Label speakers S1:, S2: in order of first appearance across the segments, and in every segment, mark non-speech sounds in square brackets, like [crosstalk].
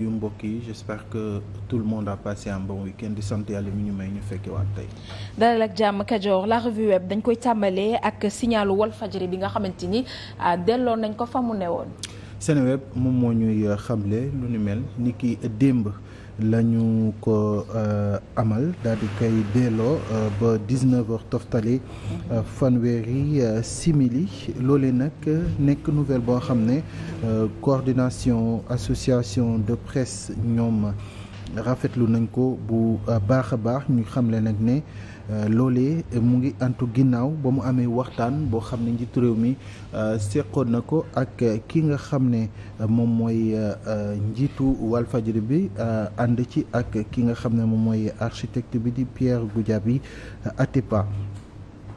S1: yu mbokk yi que tout le monde a passé un bon di sant yàlla mi ñu may ñu fekke waat tey
S2: dalal ak jàmm Kajoor la revue web dañ koy tàmbalee ak signalu Walfadjri bi nga xamante ni ah, delloo nañ ko fa mu newoon
S1: Seneweb moom moo ñuy xamle lu ni mel ni ki démb la ñu ko euh, amal daal di koy delloo euh, ba 19 heures toftali mhm. euh, fanweeri simili loole nag nekk nouvelle boo xam ne coordination association de presse ñoom rafetlu nañ ko bu baax a baax ñu xamle nag ne Euh, loolee euh, mu ngi antu ginnaaw ba mu amee waxtaan boo xam ne njiitu réew mi euh, seqoon na ko ak ki nga xam ne moom mooy njiitu Walfadjri bi ànd ci ak ki nga xam ne moom mooy architecte bi di Pierre Goudiaby Atepa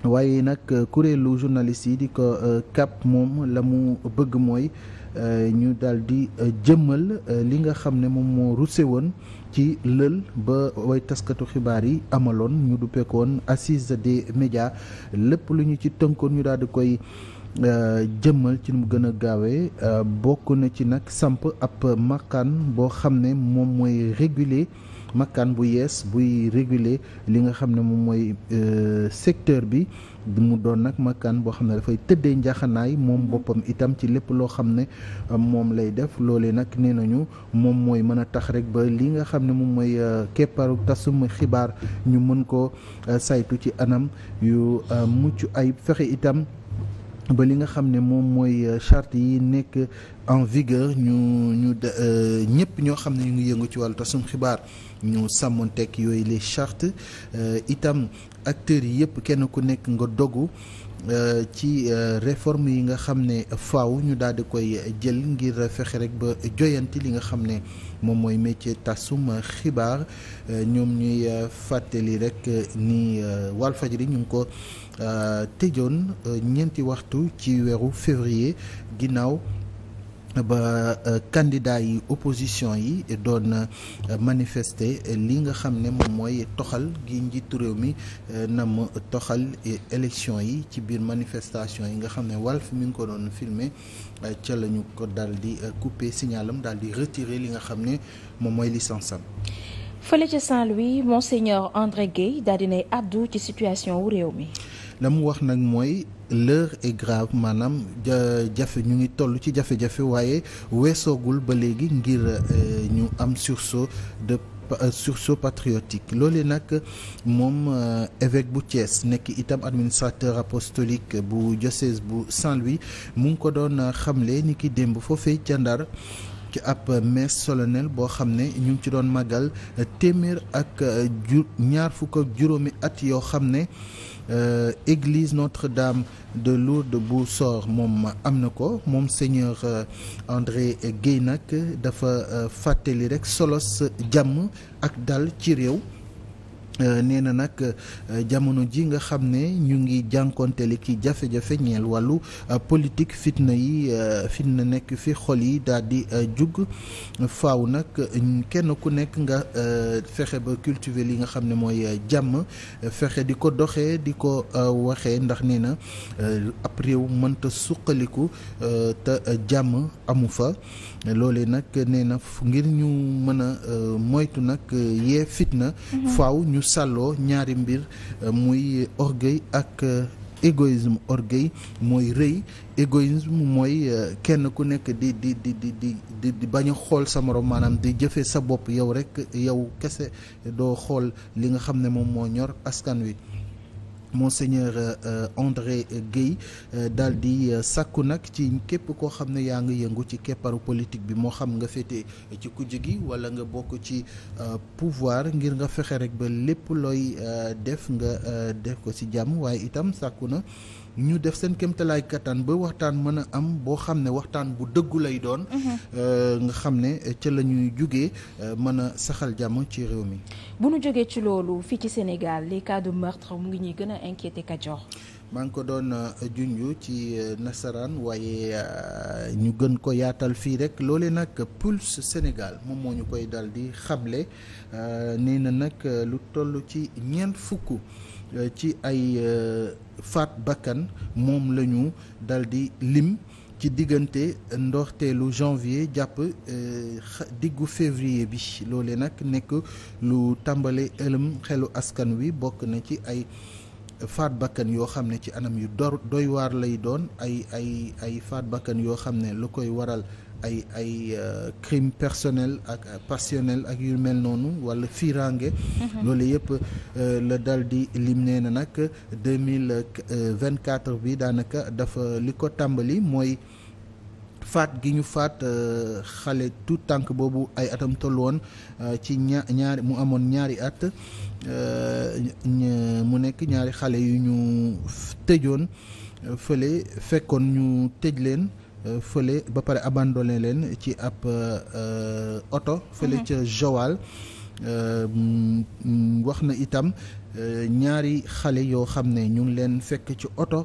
S1: waaye nag euh, kuréelu journaliste yi di ko euh, CAP moom la mu bëgg mooy euh, ñu daal di jëmmal li nga xam ne moom moo ruse woon ci lël ba way taskatu xibaar yi amaloon ñu duppeekoon assise de médias lépp lu ñu ci tënkoon ñu daal di koy jëmmal ci nu mu gën a gaawee bokk na ci nag samp ab màkkaan boo xam ne moom mooy réguler makkaan bu yees buy réguler li nga xam ne moom mooy euh, secteur bi mu doon nag makkaan boo xam ne dafay tëddee njaaxanaay moom mhm. boppam itam ci lépp loo xam ne euh, moom lay def loole nag nee nañu moom mooy mën a tax rek ba li nga xam ne moom mooy euh, kepparu tasum xibaar ñu mën ko saytu ci anam yu mucc ay fexe itam ba li nga xam ne moom mooy euh, charte yi nekk en vigueur ñu ñu euh, ñëpp ñoo xam ne ñu ngi yëngu ci wàllu tasum xibaar ñu sàmmoon tekk yooyu les chartes euh, itam acteurs yi yëpp kenn ku nekk nga doggu Euh, ci euh, réforme yi nga xam ne faw ñu daal di koy jël ngir fexe rek ba joyanti li nga xam ne moom mooy métier tasum xibaar euh, ñoom ñuy fàttali rek ni Walfajri ñu ngi ko tëjoon ñeenti waxtu ci weeru février ginnaaw. ba euh, candidat yi opposition yi doon euh, manifester li nga xam ne moom mooy toxal gi njiitu réew mi euh, na ma toxal élection yi ci biir manifestation yi nga xam ne Walf mi ngi ko doon filmer ca la ñu ko daal di couper signalam daal di retirer li nga xam ne moom mooy licence am.
S2: ca Saint-Louis monseigneur André Guèye daal di nay àddu ci situation wu réew mi.
S1: la wax nag mooy l'heure est grave maanaam jafe ñu ngi toll ci jafe-jafe waaye weesoogul ba léegi ngir euh, ñu am sursaut de euh, patriotique loolee nag moom euh, évêque bu Thiès nekk itam administrateur apostolique bu joses bu Saint-Louis mu ngi ko doon xamle ni ki démb foofee ca Ndar ci ab messe solennelle boo xam ne ñu ngi ci doon màggal téeméer ak ju ñaar fukk ak juróomi at yoo xam ne Euh, église Notre-Dame de Lourdes bu Sor moom am na ko moom seigneur euh, André Guèye nag dafa euh, fàttali rek solos jàmm ak dal ci réew Euh, nee na nag euh, jamono ji nga xam ne ñu ngi jànkontele ki jafe-jafe ñeel wàllu euh, politique fitna yi fitna nekk fi xol yi daal di jug faw nag kenn ku nekk nga fexe ba cultiver yi nga xam ne mooy jàmm fexe di ko doxee di ko waxee ndax nee na ab réew mënta suqaliku te jàmm amu fa loole nag nee na ngir ñu mën a euh, moytu nag euh, yee fitna. Mhm. faw ñu sàlloo ñaari mbir euh, muy orgueil ak égoïsme orgueil mooy rëy égoïsme mooy kenn ku nekk di di di di di di bañ xool sa morom maanaam di jëfee sa bopp yow rek yow kese doo xool li nga xam ne moom moo ñor askan wi. monseigneur euh, euh, André Guèye euh, daal di sàkku nag ci képp koo xam ne yaa ngi yëngu ci kepparu politique bi moo xam nga féete ci kujj gi wala nga bokk ci pouvoir ngir nga fexe rek ba lépp looy def nga def ko ci jàmm waaye itam sàkku na ñu def seen kéemtalaay kattan ba waxtaan mën a am boo xam ne waxtaan bu dëggu lay doon. Mm-hmm. nga xam ne ca la ñuy jugee mën a saxal jàmm ci réew mi.
S2: bu nu jógee ci loolu fii ci Sénégal les cas de meurtre mu ngi ñuy gën inquiété
S1: maa ngi ko doon euh, junj ci euh, nasaraan waaye euh, ñu gën ko yaatal fii rek loole nag Pulse Sénégal moom moo ñu koy dal di xamle nee na nag lu toll ci ñeent fukk ci ay faat bakkan moom la ñu dal di lim ci diggante ndoorteelu janvier jàpp diggu février bi loole nag nekk lu tàmbale ëlëm xelu askan wi bokk na ci ay faat bakkan yoo xam ne ci anam yu dor doy waar lay doon ay ay ay faat bakkan yoo xam ne lu koy waral ay ay euh, crime personnel ak passionnel ak yu mel noonu wala firange mm-hmm. loolu yëpp euh, la dal di lim nee na nag deux mille vingt quatre bi daanaka dafa li ko tàmbali mooy faat gi ñu faat euh, xale tout tànk boobu ay atam tollu woon ci ñaar mu amoon ñaari at Euh, mu nekk ñaari xale yu ñu tëjoon euh, fële fekkoon ñu tëj leen euh, fële ba pare abandonné leen ci ab oto fële mhm. ca Joal wax na itam ñaari xale yoo xam ne ñu ngi leen fekk ci oto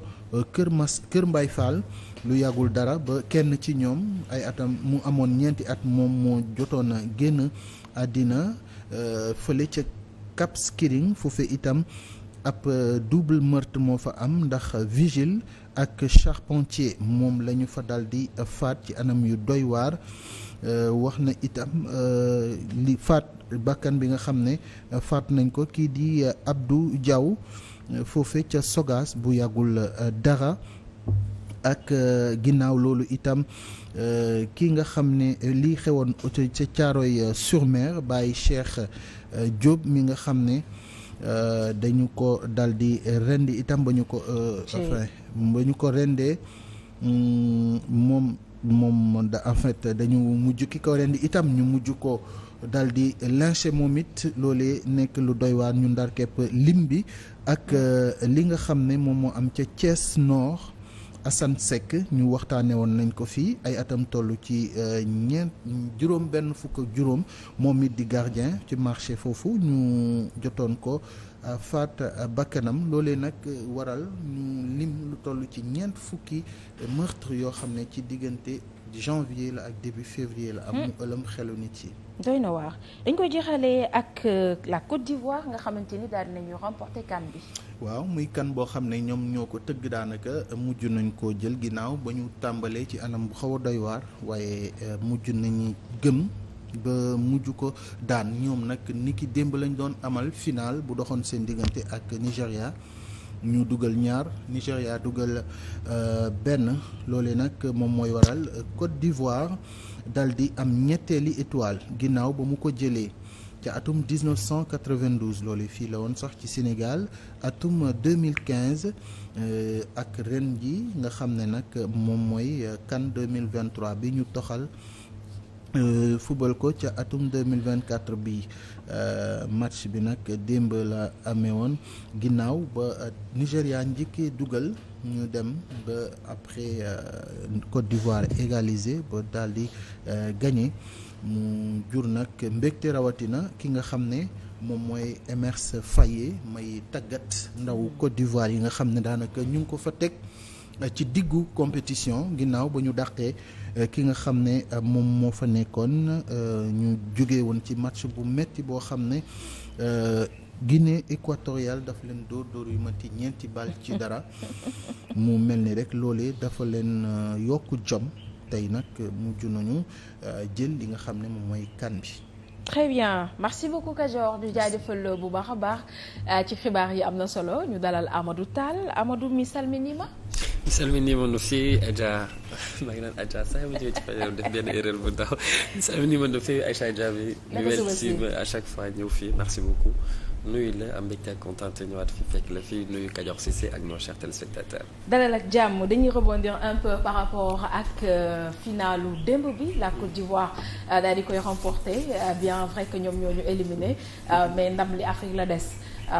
S1: Kër Mas Kër Mbay Fall lu yàggul dara ba kenn ci ñoom ay atam mu amoon ñeenti at moom moo jotoon a génn àddina fële ca Cap Skiring foofe itam ab euh, double meurtre moo fa am ndax vigile ak charpentier moom lañu fa dal di faat ci anam yu doy waar euh, wax na itam euh, li faat bakkan bi nga xam ne faat nañ ko kii di Abdou Diaw foofe ca Sogas bu yàggul dara ak ginnaaw loolu itam ki nga xam ne lii xewoon ca Caaroy sur mer Baye Cheikh jóob euh, mi nga xam ne euh, dañu ko dal di rendi itam ba ñu ko euh, enfin ba ñu ko rendee mm, moom moom da en fait dañu mujj ki ko rendi itam ñu mujj ko dal di lynché moom it loole nekk lu doy waar ñu ndar képp lim bi ak li nga xam ne moom moo am ca Thiès noor Assane Seck ñu waxtaanee woon nañ ko fii ay atam tollu ci euh, ñeent juróom benn fukk juróom moom it di gardien ci marché foofu ñu jotoon ko euh, faat euh, bakkanam loolee nag waral ñu lim lu toll ci ñeent fukki meurtre yoo xam ne ci diggante janvier la ak début février la am hmm. mu ëlëm xelu nit yi
S2: doy na waar dañ koy jeexalee ak la Côte d'Ivoire nga xamante ni daal dinañu remporter CAN
S1: bi waaw muy kan boo xam ne ñoom ñoo ko tëgg daanaka mujj nañ koo jël ginnaaw ba ñu tàmbalee ci anam bu xaw a doy waaye euh, mujj nañu gëm ba mujj ko daan ñoom nag niki démb lañ doon amal final bu doxoon seen diggante ak Nigéria ñu dugal ñaar Nigéria dugal euh, benn loole nag moom mooy waral Côte d'Ivoire dal di am ñetteeli étoile ginnaaw ba mu ko jëlee. ca atum 1992 loolu fii la woon sax ci Sénégal atum 2015 euh, ak ren ji nga xam ne nag moom mooy CAN 2023 bi ñu toxal euh, fubal ko ca atum 2024 bi euh, match bi nag démb la amee woon ginnaaw ba Nigéria njëkkee dugal ñu dem ba après Côte d'Ivoire égalisé ba daal di mu jur nag mbégte rawatina ki nga xam ne moom mooy Emerse faye may tàggat ndaw Côte d'Ivoire yi nga xam ne daanaka ñu ngi ko fa teg eh, ci diggu compétition ginnaaw ba ñu dàqee eh, ki nga xam ne eh, moom moo fa nekkoon ñu jóge woon ci match bu metti boo xam ne Guinée équatoriale dafa leen dóor dóor yu mati ñeenti bal ci dara [laughs] mu mel ni rek loole dafa leen yokk jom tey nag euh, mujj nañu euh, jël li nga xam ne moom mooy kan bi.
S2: très bien merci beaucoup Kajor ñu jaajëfal bu baax a baax euh, ci xibaar yi am na solo ñu dalal Amadou taal Amadou mi salminima
S3: mi salminima nu fi Adja maa ngi naan Adja saa yoo ma ñëwee ci fajar def benn erreur bu ndaw mi salminima nu fi Aïcha Dia bi. naka suba si chaque fois ñëw fii merci beaucoup. nuyu la am mbégte ak kontaan te ñëwaat fi fekk la fii nuyu Kadior Cissé ak nos chers téléspectateurs.
S2: dalal ak jàmm dañuy rebondir un peu par rapport ak euh, finalu démb bi la Côte d'Ivoire euh, daal di koy remporter euh, bien vrai que ñoom ñoo ñu éliminé mais ndam li Afrique la des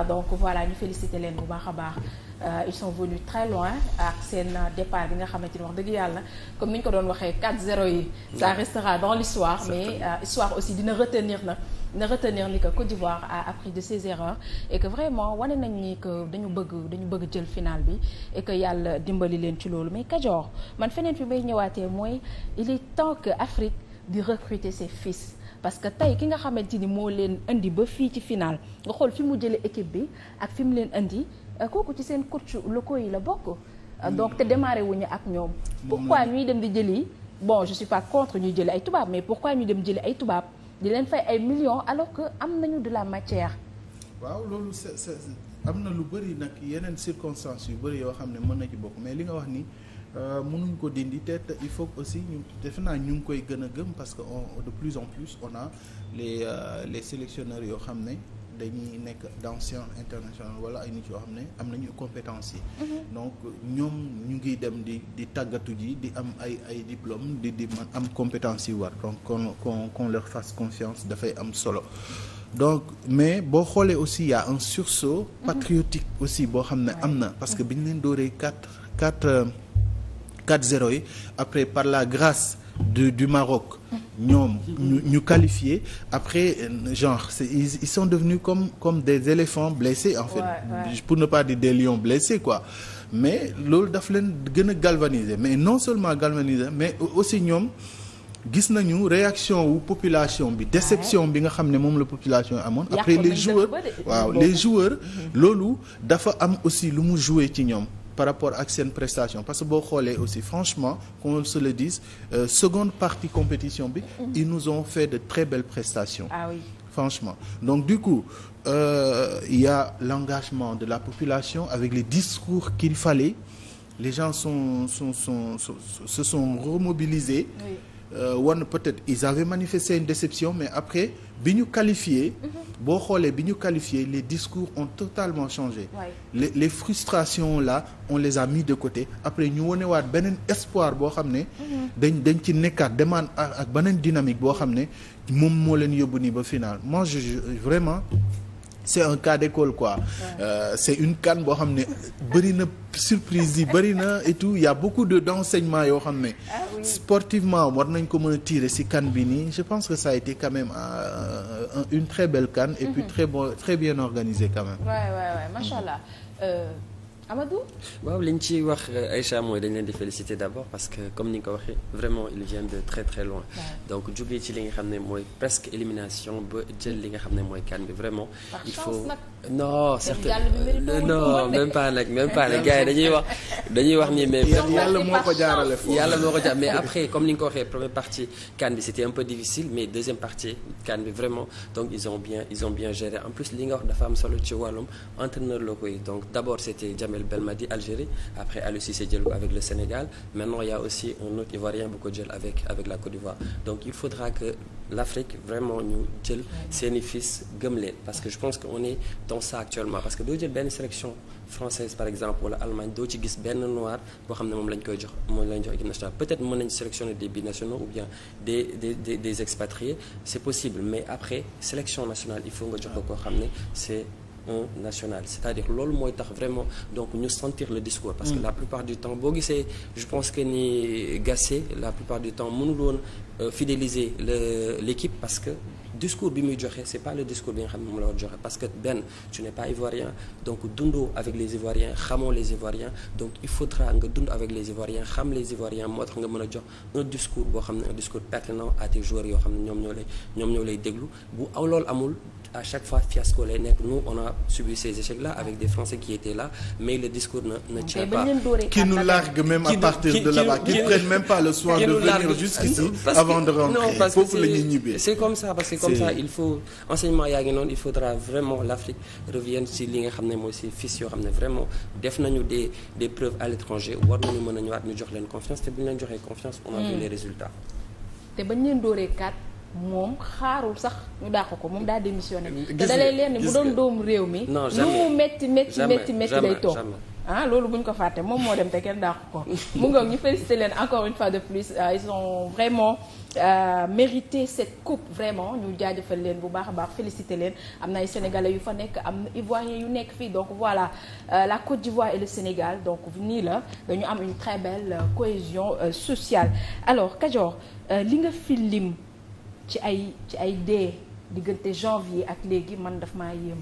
S2: donc voilà ñu félicité leen bu baax a baax. Euh, ils sont venus très loin ak seen départ bi nga xamante ni wax dëgg yàlla comme ni ñu ko doon waxee 4-0 yi. ça restera dans l'histoire mais euh, histoire aussi dina retenir na na retenir ni que Côte d'Ivoire a appris de seis erreurs et que vraiment wane nañ ni que dañu bëgg dañu bëgg jël final bi e que yàlla dimbali leen ci loolu mais Kajoor man feneen fi may ñëwaatee mooy il est temps que Afrique di recruter ses fils parce que tey ki nga xamante ni moo leen indi ba fii ci final xool fi mu jëlee équipe bi ak fi mu leen indi Euh, kooku ci seen coach locaux yi la bokk. Euh, donc te démarré wuñu ak ñoom. pourquoi ñuy dem di jëli bon je suis pas contre ñuy jëli ay tubaab mais pourquoi ñuy dem jëli ay tubaab di leen fay ay million alors que am nañu de la matière.
S1: waaw loolu am na lu bëri nag yeneen circonstances yu bëri yoo xam ne mën na ci bokk mais li nga wax ni euh, mënuñ ko dindi te il faut aussi ñu defe naa ñu ngi koy gën a gëm parce que on de plus en plus on a les euh, les sélectionneurs yoo xam ne. dañuy nekk d'anciens internationaux wala ay nit yoo xam ne am nañu compétence yi mhm. donc ñoom ñu ngi dem di di tàggatu ji di am ay ay diplôme di di man am compétence yi war donc qu'on qu'on qu'on leur fasse confiance dafay am solo donc mais boo xoolee aussi y un sursaut mhm. patriotique aussi boo xam ne am na parce que bi ñu leen dooree quatre quatre euh, 4-0 yi après par la grâce du du Maroc. ñoom ñu ñu qualifié après euh, genre c'est ils, ils sont devenus comme comme des éléphants blessés en fait. pour ne pas dire des lions blessés quoi. mais loolu daf leen gën a galvaniser mais non seulement galvaniser mais aussi ñoom gis nañu réaction wu population bi déception bi nga xam ne moom la population amoon après les joueurs waaw les joueurs loolu dafa am aussi lu mu joué ci ñoom par rapport ak seen prestation parce que boo xoolee aussi franchement qu'on se le dise euh, seconde partie compétition bi mhm. ils nous ont fait de très belles prestations ah oui. franchement donc du coup euh, il euh, y a l'engagement de la population avec les discours qu'il fallait les gens sont sont sont, sont se sont remobilisés oui. wan euh, peut-être ils avaient manifesté une déception mais après bi ñu qualifié. Mhm. boo xoolee bi ñu qualifié les discours ont totalement changé. Ouais. les les frustrations la on les a mis de côté après ñu wonewaat beneen espoir boo xam ne. Mhm. dañ dañ ci nekkaat demande ak beneen dynamique boo xam ne moom moo leen yóbbu nii ba final moi je, vraiment. c'est un cas d'école quoi euh, c'est une CAN boo xam ne bëri na surprise yi bëri na et tout il y a beaucoup de d'enseignement yoo xam ne ah sportivement war nañ ko mën a tirer ci CAN bi nii je pense que sa a été quand euh, une très belle CAN et mm-hmm. puis très bon très bien organisée quand
S2: Amadou.
S3: waaw li ñu ci wax euh, Aïcha mooy dañ leen di féliciter d'abord parce que comme ni nga ko waxee vraiment ils viennent de très très loin. donc jógee ci li nga xam ne mooy presque élimination ba jël li nga xam ne mooy CAN bi vraiment. il faut non certes non même pas nag même pas nag gars yi dañuy wax dañuy wax ni mais. yàlla moo ko jaarale foofu yàlla moo ko jaar mais après comme ni nga ko waxee première partie CAN bi c'était un peu difficile mais deuxième partie CAN bi vraiment donc ils ont bien ils ont bien géré en plus li nga wax dafa am solo ci wàllum entraîneur locaux yi donc d'abord c'était Djamel Belmadi Algérie après Aliou Cissé jël ko avec le Sénégal maintenant il y a aussi un autre Ivoirien bu ko jël avec avec la Côte d'Ivoire donc il faudra que l'Afrique vraiment ñu jël seeni fils gëm leen parce que je pense qu'on est donc ça actuellement parce que doo jël benn sélection française par exemple wala Allemagne doo ci gis benn noir boo xam ne moom lañ koy jox moom lañ jox équipe nationale peut-être mën nañ sélectionner des binationaux ou bien des des des, des expatriés c'est possible mais après sélection nationale il faut nga jox ko koo xam ne c'est un national c'est-à-dire loolu mooy tax vraiment donc ñu sentir le discours parce que mm. la plupart du temps boo gisee je pense que ni Gassé la plupart du temps mënul woon euh, fidéliser le l'équipe parce que discours bi muy joxee c'est pas le discours bi nga xam ne moom la joxe parce que benn tu n'es pas ivoirien donc dundoo avec les ivoiriens xamoo les ivoiriens donc il faudra nga dund avec les ivoiriens xam les ivoiriens moo tax nga mën a jox un discours boo xam ne un discours pertinent à tes yoo xam ne ñoom ñoo ñoom ñoo lay déglu loolu amul à chaque subi ces échecs-là avec des Français qui étaient là mais le discours ne ne tient pas. qui nous largue même à partir de là-bas qui ne prennent c'est comme ça parce comme ça il faut enseignement yaa ngi noonu il faudra vraiment l'Afrique revienne si li nga xam ne mooy si fils yoo xam ne vraiment def nañu des preuves à l'étranger war nañu mën a ñëwaat ñu jox leen confiance te bu ñu leen joxee confiance on a vu hmm. les résultats.
S2: te bañ leen dooree 4 moom xaarul sax ñu dàqu ko moom daa démissionné. te da lay leen ni bu doon doomu réew mi. non lu mu métti métti métti métti day toog. ah loolu buñ ko fàtte moom moo dem te kenn dàq ko mu ngoog ñu félicité leen encore une fois de plus euh, ils ont vraiment euh, mérité cette coupe vraiment ñu jaajëfal leen bu baax a baax félicité leen am na ay sénégalais yu fa nekk am na ivoiriens yu nekk fii donc voilà euh, la Côte d'Ivoire et le Sénégal donc nii la dañu am une très belle euh, cohésion euh, sociale alors Kajoor li nga fi lim. ci ay ci ay dee diggante janvier ak léegi man daf maa yéem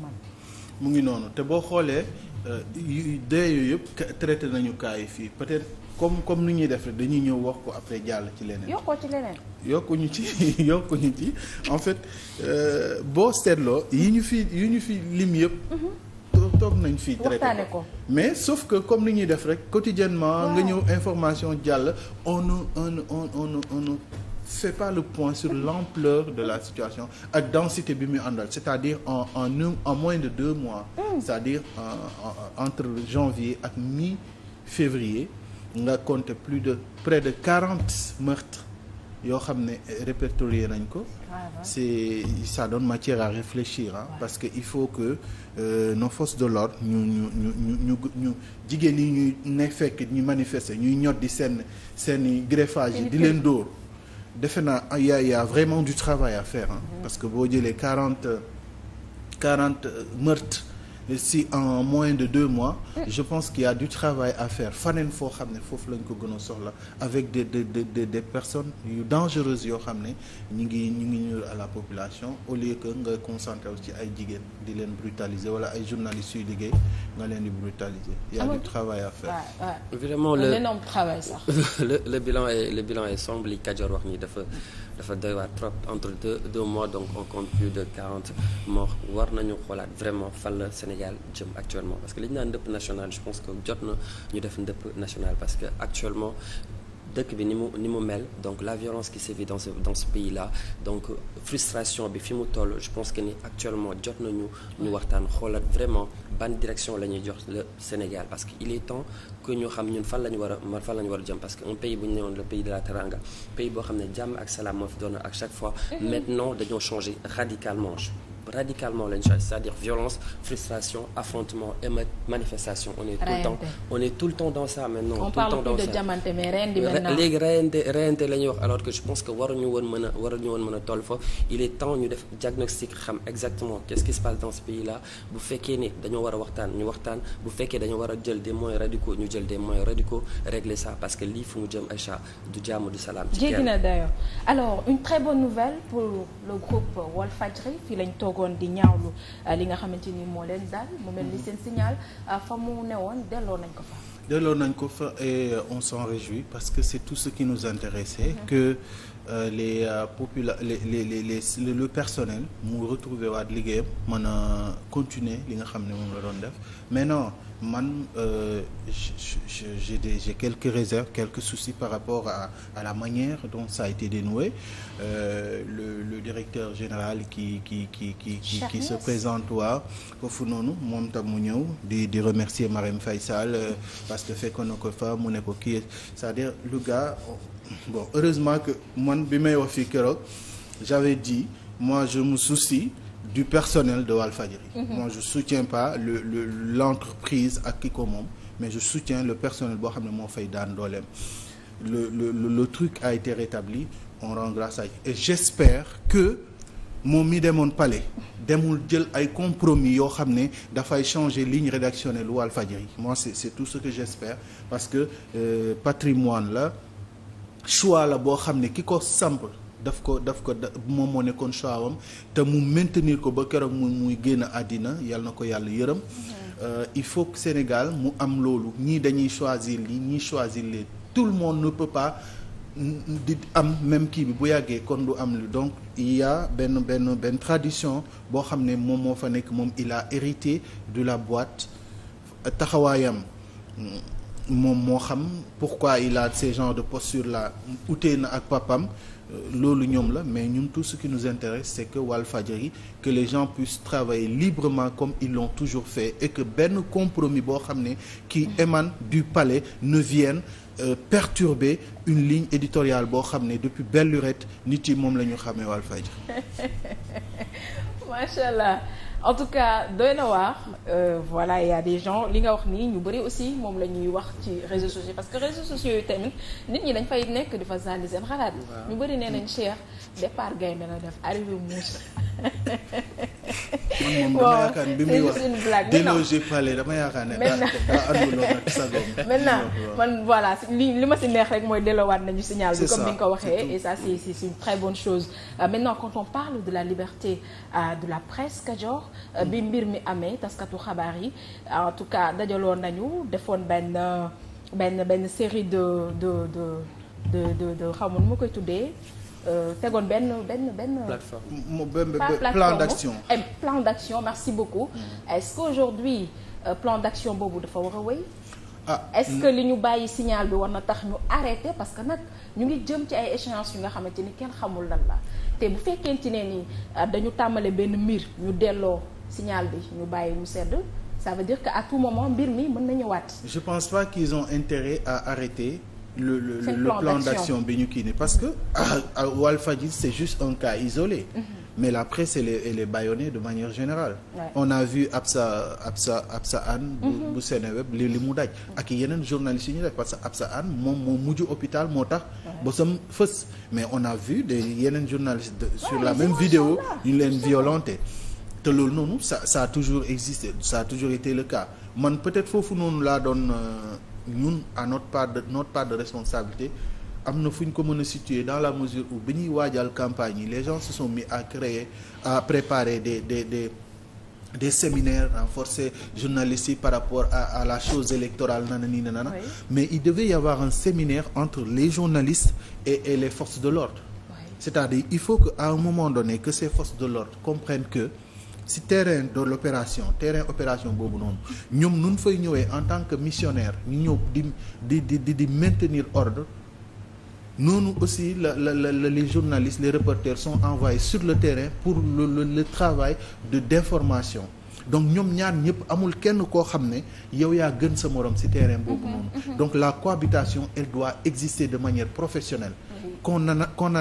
S1: mu ngi noonu te boo xoolee euh, dee yooyu yëpp traité nañu kaay yi fii peut-être comme comme ni ñuy def rek dañuy ñëw wax ko après jàll ci leneen. yokkoo ci leneen. yokkuñu ci [laughs] yokkuñu ci en fait euh, boo seetloo yi ñu fi yi ñu fi lim yëpp. Mhm. toog nañ fii traité ko mais sauf que comme ni ñuy def rek quotidiennement nga ñëw information jàll on on on on on. fait pas le point sur l'ampleur de la situation ak densité bi muy àndal c'est-à-dire en en en moins de deux mois hmm. c'est-à-dire en, en, entre janvier ak mi-février nga compter plus de près de quarante meurtres yoo xam ne répertorié nañ ko ah, c'est ça donne matière à réfléchir parce que il faut que euh, nos forces de l'ordre ñu ñu ñu ñu ñu jigéen yi ñuy ne ñu manifester ñuy ñot di seen seen i greffage yi di leen dóor defe naa ah, y' a vraiment du travail à faire parce que boo jëlee quarante quarante euh, meurtres. si en moins de deux mois je pense qu'il a du travail à faire faneen foo xam ne foofu lañ ko gën a soxla avec des des des des personnes yu dangereuses yoo xam ne ñu ngi ñu ngi ñu à la population au lieu que nga concentré wu ci ay jigéen di leen brutaliser wala ay journalistes yu liggéey nga leen di
S3: brutaliser il y a du travail à faire vraiment le, l'énorme travail ça [laughs] le, le bilan est le bilan est sombre li Kajoor wax ni dafa dafa doy waar trop entre deux deux mois donc on compte plus de quarante morts war nañu xoolaat vraiment fan la Sénégal jëm actuellement parce que li ñu naan ndëpp national je pense que jot na ñu def ndëpp national parce que actuellement dëkk bi ni mu ni mu mel donc la violence qui sévit dans ce dans ce pays là donc euh, frustration bi fi mu toll je pense que ni actuellement jot nañu ñu waxtaan xoolaat vraiment ban direction la ñuy jox le Sénégal parce que il est temps que ñu xam ñun fan la ñu war a fan la ñu war jëm parce que un pays bu ñu woon le pays de la teranga pays boo xam ne jàmm ak salaam moo fi doon ak chaque fois mm-hmm. maintenant dañoo changer radicalement radicalement lañ changé c'est-à-dire violence frustration affrontement et manifestation on est tout le temps on est tout le temps dans ça maintenant on tout le temps dans
S2: ça léegi
S3: reyante reyante la wax alors que je pense que waruñu woon a waruñu woon mën a toll fa il est temps ñu def diagnostic xam exactement qu'est-ce qui se passe dans ce pays là bu fekkee ne dañoo war a waxtaan ñu waxtaan bu fekkee dañoo war a jël des moyens radicaux ñu jël des moyens radicaux régler ça parce que lii fu mu jëm Aïcha du
S2: jógoon di ñaawlu euh, li nga xamante ni moo leen daal mu mel ni mhm. seen signal euh, fa mu newoon delloo nañ ko fa.
S1: delloo nañ ko fa et euh, on s'en réjouit parce que c'est tout ce qui nous intéressait mhm. que euh, les les les les les le personnel mu retrouver waat liggéeyam mën a continuer li nga xam ne moom la doon def mais non. man euh, j'ai des j'ai quelque réserves quelques par rapport à à la manière dont ça a été dénoué euh, le directeur général qui qui qui qui qui, qui se présente toi foofu noonu moom tam mu ñëw di di remercier Marème Faye Sall euh, parce que fekkoon na ko fa mu ne ko kii c'est-à-dire le gars heureusement que man bi may wax fii keroog j'avais dit moi je me soucie du personnel de Walfadjri. Mm -hmm. Moi, je soutiens pas le le l'entreprise ak ki ko moom mais je soutiens le personnel boo xam ne moo fay daan dooleem le le le truc a été rétabli on rend grâce à et j'espère que moom mi demoon palais demul jël ay compromis yoo xam ne dafay changer ligne rédactionnelle Walfadjri moi c'est c'est tout ce que j'espère parce que euh, patrimoine la choix la boo xam ne ki ko daf ko daf ko moom moo nekkoon choix am te mu maintenir ko ba keroog mu muy génn àddina yàlla na ko yàlla yërëm. Euh, il faut que Sénégal mu am loolu ñii dañuy choisir lii ñii choisir lee tout le monde ne peut pas. di am même kii bi bu yàggee kon du am lu donc il yà benn benn benn tradition boo xam ne moom moo fa nekk moom il a hérité de la boite euh, taxawaayam moom moo xam pourquoi il a ce genre de posture là utee na ak papam loolu ñoom la mais ñun tout ce qui nous intéresse c'est que Walfadjri que les gens puissent travailler librement comme ils l'ont toujours fait et que benn compromis boo xam ne qui émane du palais ne vienne Euh, perturber une ligne éditoriale boo xam ne depuis belle lurette nit yi moom la ñu xamee Walfadjri.
S2: [laughs] Machallah. en tout cas doy na waar euh, voilà il y des gens li nga wax nii ñu bëri aussi moom la ñuy wax ci réseaux sociaux parce que réseaux sociaux yu tamit nit ñi dañ fay nekk di fa sànni seen xalaat. ñu bëri nee nañ Cheikh départ gaynde la def arrivé muus.
S1: man moom bi muy wax déloger Palais dama yaakaar ne daa daa ànduloon ak sagoom [laughs] maintenant man
S2: voilà li li ma si neex rek mooy delloowaat nañu signal bi comme ni nga ko waxee sa ça c'est c'est une très bonne chose euh, maintenant quand on parle de la liberté euh, de la presse Kajoor euh, bi mbir mi amee taskatu xabaar yi en tout cas dajaloon nañu defoon benn benn benn série de de de de de de xaw ma nu ma koy tuddee Euh, tegoon benn benn benn.
S1: plateforme plan d'action
S2: eh, plan d'action merci beaucoup. Mm-hmm. est-ce qu'aujourd'hui euh, plan d'action boobu dafa war a wéy. ah est-ce que li ñu bàyyi signal bi war na tax ñu arrêté parce que nag ñu ngi jëm ci ay échéances yu nga xamante ni kenn xamul lan la te bu fekkente ne ni euh, dañu tàmbale benn mbir ñu delloo signal bi ñu bàyyi mu sedd ça veut dire que à tout moment mbir mi mën na ñëwaat.
S1: je pense pas qu'ils ont intérêt à arrêter. le plan d'action bi ñu kii nii parce que [coughs] Walfadjri c'est juste un cas isolé. Mm-hmm. mais la presse elle est elle est de manière générale. on a vu Absa Absa Absa Anne. bu mm-hmm. bu Seneweb li li mu daj. ak yeneen journalistes yi ñu def parce que Absa Anne moom moo mujj hôpital moo tax. ba sam fës mais on a vu de yeneen journalistes de, sur la même vidéo ñu leen violenté. te loolu noonu ça ça toujours existé sa toujours été le cas man peut-être foofu noonu laa doon. Euh, ñun à notre part de notre part de responsabilité am na fu ñu ko mën a situer dans la mesure où bi ñuy waajal campagne les gens se sont mis à créer à préparer des des des des séminaires en journalistes yi par rapport à à la chose électorale nana nii nana mais il devait y avoir un séminaire entre les journalistes et les forces de l'ordre oui. c'est-à-dire il faut que à un moment donné que ces forces de l'ordre comprennent que si terrain de l'opération terrain opération boobu noonu ñoom nun fay ñëwee en tant que missionnaire ñu ñëw di di di di maintenir ordre noonu aussi la la la les journalistes les reporters sont envoyés sur le terrain pour le le, le travail de d'information donc ñoom ñaar ñëpp amul kenn koo xam ne yow yaa gën sa morom ci terrain boobu mhm, noonu mhm. donc la cohabitation elle doit exister de manière professionnelle qu'on en a qu'on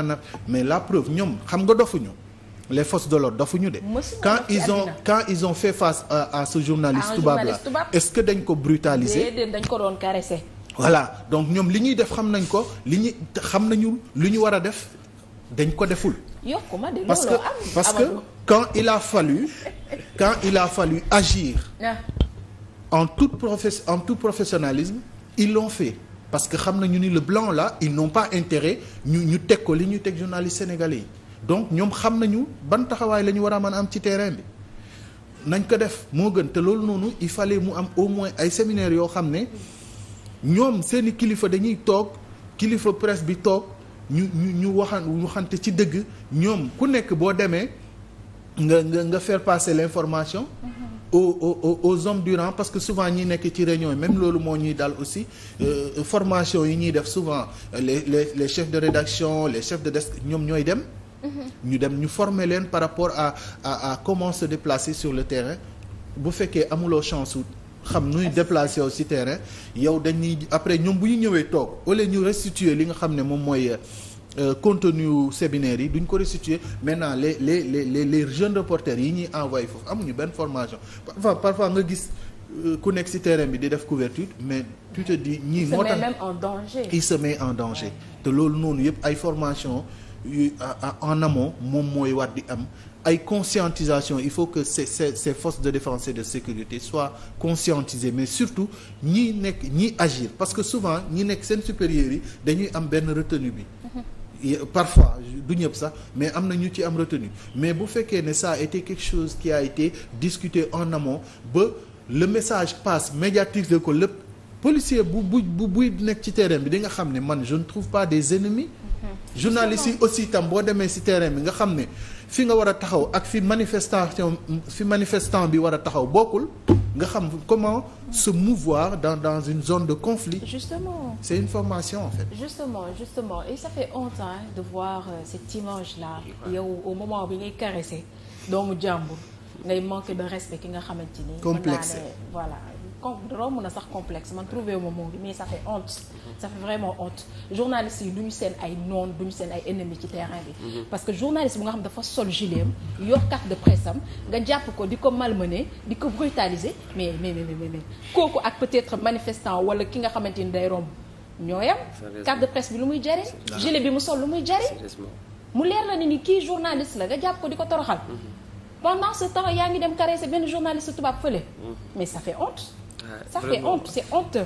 S1: mais la preuve ñoom xam nga dofuñu les forces de l'ordre dafuñu de. quand ils ont quand ils ont fait face à, à ce journaliste tubaab la est-ce que dañ ko brutaliser.
S2: dañ ko doon caresser.
S1: voilà donc ñoom li ñuy def xam nañ ko li ñu xam nañu lu ñu war a def dañ ko deful.
S2: yokkuma de parce que parce que
S1: quand il a fallu [laughs] quand il a fallu agir. Ah. en toute professe en tout professionalisme ils l'ont fait. parce que xam nañu ni le blanc la ils n'ont pas intérêt ñu ñu teg ko li ñu teg journaliste sénégalais yi. donc ñoom xam nañu ban taxawaay la ñu war a mën a am ci terrain bi nañ ko def moo gën te loolu noonu il fallait mu am au moins ay séminaires yoo xam ne ñoom seeni kilifa dañuy toog kilifa presse bi toog ñu ñu ñu waxan waxante ci dëgg ñoom ku nekk boo demee nga nga nga faire passer l'information mm-hmm. au aux aux au du rang parce que souvent ñi nekk ci réunion yi loolu moo ñuy daal aussi euh, formation yi ñuy def souvent les les les chefs de rédaction les chef de desk ñoom ñooy dem Mm-hmm. ñu dem ñu forme leen par rapport à à à comment sur le terrain bu fekkee amuloo chance xam nuy déplacé wu si terrain yow dañuy après ñoom bu ñu ñëwee toog au lieu ñu restituer li nga xam ne moom mooy euh, contenu séminaire yi duñ ko restituer maintenant les les les les les jeunes reporters yi ñuy envoyé foofu amuñu benn formation parfois parfois nga gis euh, ku nekk si terrain bi di def couverture mais tu te ñii moo tax il se
S2: en danger il se
S1: met en danger te loolu noonu yëpp ay formation en amont moom mooy war di am ay conscientisation il faut que ces ces ces de défense et de sécurité soient conscientisées mais surtout ñi nekk ñi agir parce que souvent ñi nekk seen supérieurs yi dañuy am benn retenue bi mhm. euh, parfois du ñëpp sax mais am na ñu ci am retenue mais bu fekkee ne ça a été quelque chose qui a été discuté en amont ba le message passe médiatise ko lépp policier bu bu bu buy nekk ci terrain bi di nga xam ne man je ne trouve pas des ennemis. journalistes aussi itam boo demee si terrain bi nga xam ne fi nga war a taxaw ak fi manifestation fi manifestant bi war a taxaw bokkul nga xam comment se mouvoir dans dans une zone de conflit. justement c'est une formation en fait.
S2: justement justement et ça fait honte de voir euh, cette image là yow au moment bi ngay caresser doomu jàmbur ngay manquer de respect ki nga xamante ni. complexe voilà. romb na sax complexe man trouvé wu ma moo ngi mais ça fait honte ça fait vraiment honte journaliste yi ñu seen ay noon ñu seen ay ennemis ci terrain bi mhm. parce que journaliste bu nga xam dafa sol gileem yor carte de presse am nga jàpp ko di ko malmener di ko brutaliser mais mais mais mais kooku ak peut-être manifestant wala ki nga xamante ni day romb ñoo yam carte de presse bi lu muy jariñ gilet bi mu sol lu muy jariñ mu leer la ne ni kii journaliste la nga jàpp ko di ko toroxal mhm. pendant yaa ngi dem caresser benn journaliste ça fait honte c'est honteux.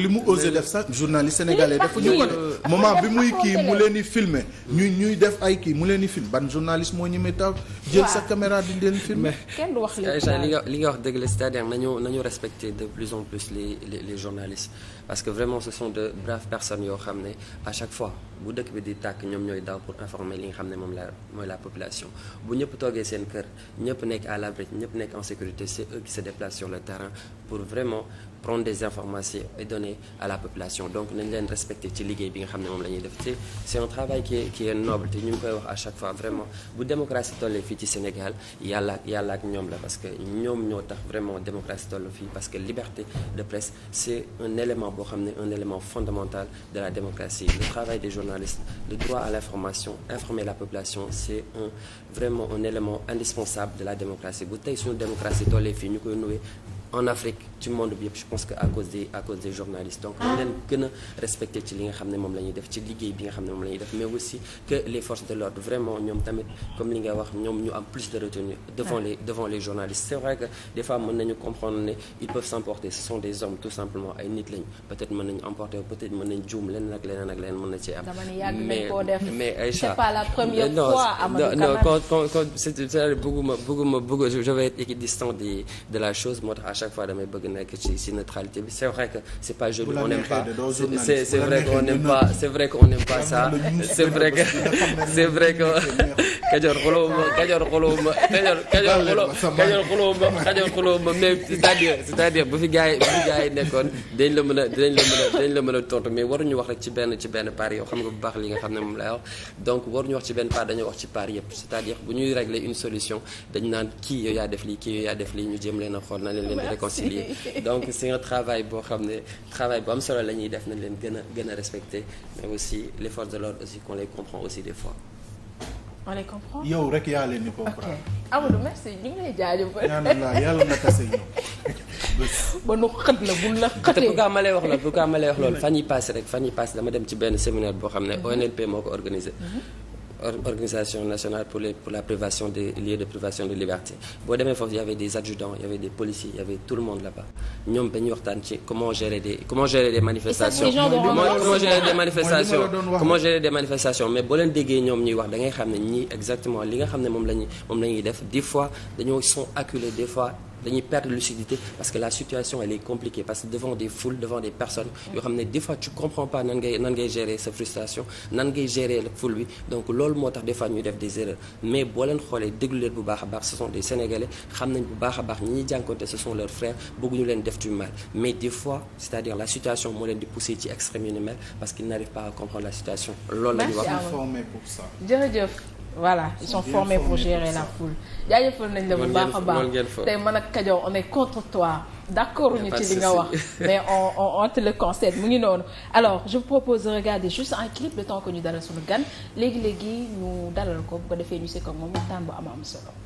S1: li mu osé def sax journaliste sénégalais dafa ñu ko de moment bi muy kii mu leen di filmer ñuy ñuy def ay kii mu leen di film ban journaliste moo ñemee taw. jël sa caméra di leen filme
S2: kenn du
S3: li nga li nga wax dëgg la c'est-à-dire nañu nañu respecter de plus en plus les les parce que vraiment ce sont de braves personnes yoo xam ne à chaque fois bu dëkk bi di tàkk ñoom ñooy daaw pour informer li nga xam ne moom la mooy la population bu ñëpp toogee seen kër ñëpp nekk à l'abri ñëpp nekk en sécurité c'est eux qui se le terrain. pour vraiment prendre des informations et donner à la population donc nañ leen respecter ci liggéey bi nga xam ne moom lañuy ñuy def te c'est un travail qui est noble te ñu ngi koy wax à chaque fois vraiment bu démocratie tollee fii ci Sénégal yàlla yàlla ak ñoom la parce que ñoom ñoo tax vraiment démocratie toll fii parce que liberté de presse c'est un élément boo xam ne un élément fondamental de la démocratie le travail des journalistes le droit à l'information informer la population c'est un vraiment un élément indispensable de la démocratie bu tey suñu démocratie tollee fii ñu koy nuwee en Afrique ci monde bi yëpp pense que à cause des journalistes donc ñu leen gën ci li nga xam ne moom la def ci liggéey bi nga xam ne moom la def mais aussi que les forces de l'ordre vraiment ñoom tamit comme li nga wax ñoom ñu am plus de retenue devant les journalistes c'est vrai que des fois nañu comprendre ne ils peuvent s'emporter ce sont des hommes tout simplement ay nit lañ peut-être mën nañu emporter peut-être mën nañ juum chaque fois damay bëgg nekk ci ci neutralité bi c'est vrai que c'est pas joli on n'aime pas c'est c'est vrai qu'on n'aime pas c'est vrai qu'on n'aime pas ça c'est vrai que c'est vrai que Kajoor xuloo ma Kajoor xuloo ma Kajoor Kajoor xuloo Kajoor xuloo ma Kajoor xuloo ma mais c'est-à-dire c'est-à-dire bu fi gars yi bu fi gars yi nekkoon dañ la mën a dañ la mën a dañ la mën a tontu mais waruñu wax rek ci benn ci benn part yow xam nga bu baax li nga xam ne moom lay wax donc waruñu wax ci benn part dañoo wax ci part yëpp c'est-à-dire bu ñuy régler une solution dañ naan kii yow yaa def lii kii yow yaa def lii ñu jëm leen a xool na leen leen réconcilier [laughs] donc c'est un travail boo xam ne travail bu am solo la ñuy def nañ leen gën a gën a respecter mais aussi les forces de l'ordre aussi qu'on les comprend aussi des fois.
S1: on les comprend yow
S3: rek yaa leen di comprendre.
S2: Amadou merci ñu ngi lay jaajëfal. ñaan la yàlla na
S3: tase ñoom. [laughs] ba nu xët la bu la xëtee. te bu kaa ma lay bu kaa ma lay fan yi paase rek fan yi paase dama dem ci benn séminaire boo xam ne ONLP moo ko organisé. Mm-hmm. organisation nationale pour les pour la privation des lieux de privation de liberté boo demee foofu y avait des adjudants y avait des policiers y avait tout le monde là-bas ñoom dañuy ci comment gérer des manifestations comment gérer des manifestations mais boo leen déggee ñoom ñuy wax da ngay xam ne ñii exactement li nga xam ne moom la ñuy moom la ñuy def des fois dañoo sont acculés des fois dañuy perdre lucidité parce que la situation elle est compliquée parce que devant des foules devant des personnes yoo xam ne des fois tu comprends pas nan ngay gérer sa frustration nan ngay gérer la bi donc loolu moo tax des fois ñuy def des erreurs mais boo leen xoolee déglu leen bu baax a baax ce sont des sénégalais xam nañ bu baax a baax ñi ñuy jànkonte ce sont leurs frères bëgguñu leen def du mal mais des c'est-à-dire la situation moo leen
S2: voilà ils sont formés pour gérer la foule. jaajëfal nañ la bu baax a baax tey man ak Kajoor on est contre toi d'accord ñu ci li nga wa mais on on te le concède mu ngi noonu. alors je vous propose de regarder juste un clip le temps que ñu dalal suñu gan léegi léegi ñu dalal ko bu ko defee ñu seqal moom waxtaan bu am am solo.